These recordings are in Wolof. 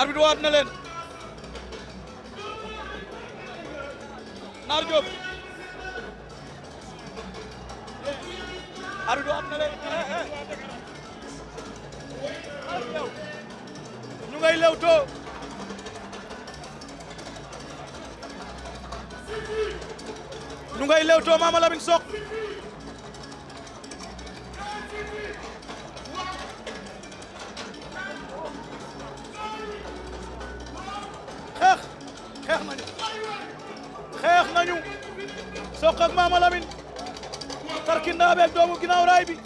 arbitre waat na leen Naar Diop arbitre waat na leen ñu ngay lewtoo ñu ngay lewtoo Mama Lamine Sokh خيخ نانيو خيخ نانيو سوقك ما ملامين تركي النابع دومو كنا ورايبي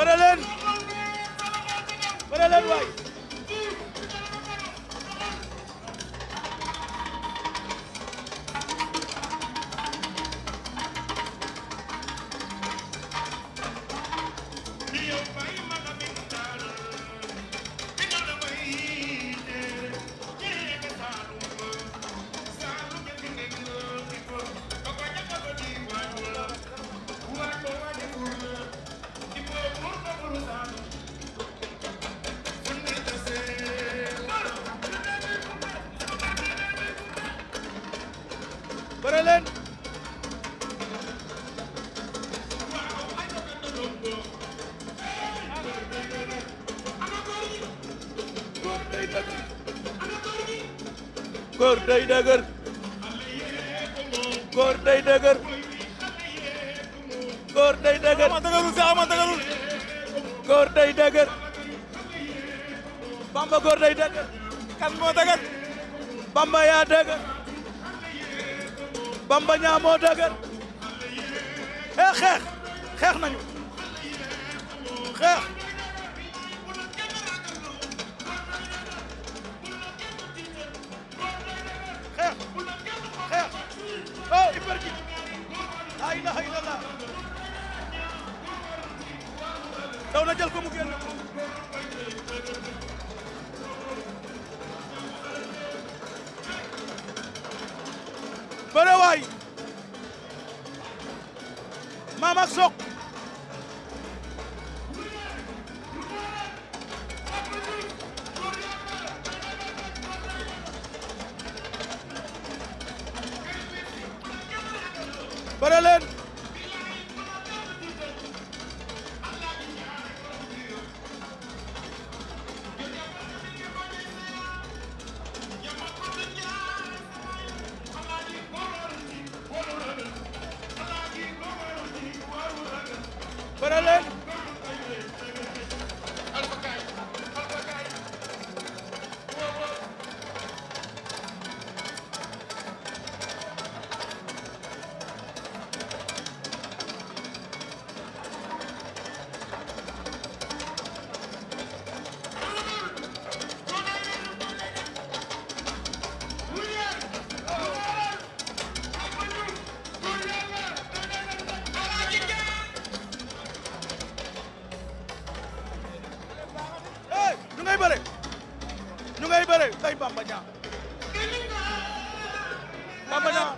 Put it in! Put it in, wait! bëre leen góor day dëgër góor day dëgër góor day dëgër bamba góor day dëgër bamba yaa dëgër Bamba ñaa moo eh, xeex xeex nañu xeex xeex xeex oh eh, ibar ji laa ilaha illallah daw ko mu génn bëre waay maam ak soq bëre leen Bamba Dia Bamba Dia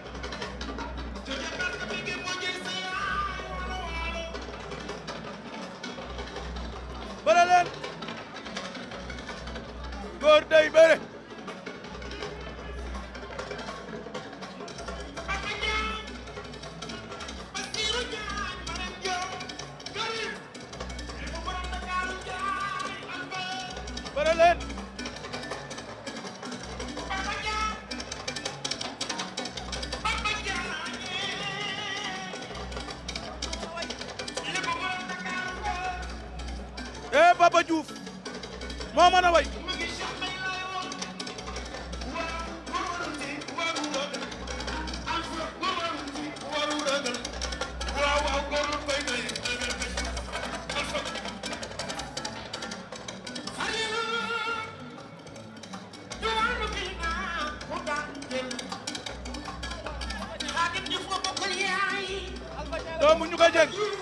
bëre leen góor day bëre Papa Diouf moo mën a way doomu ñu ko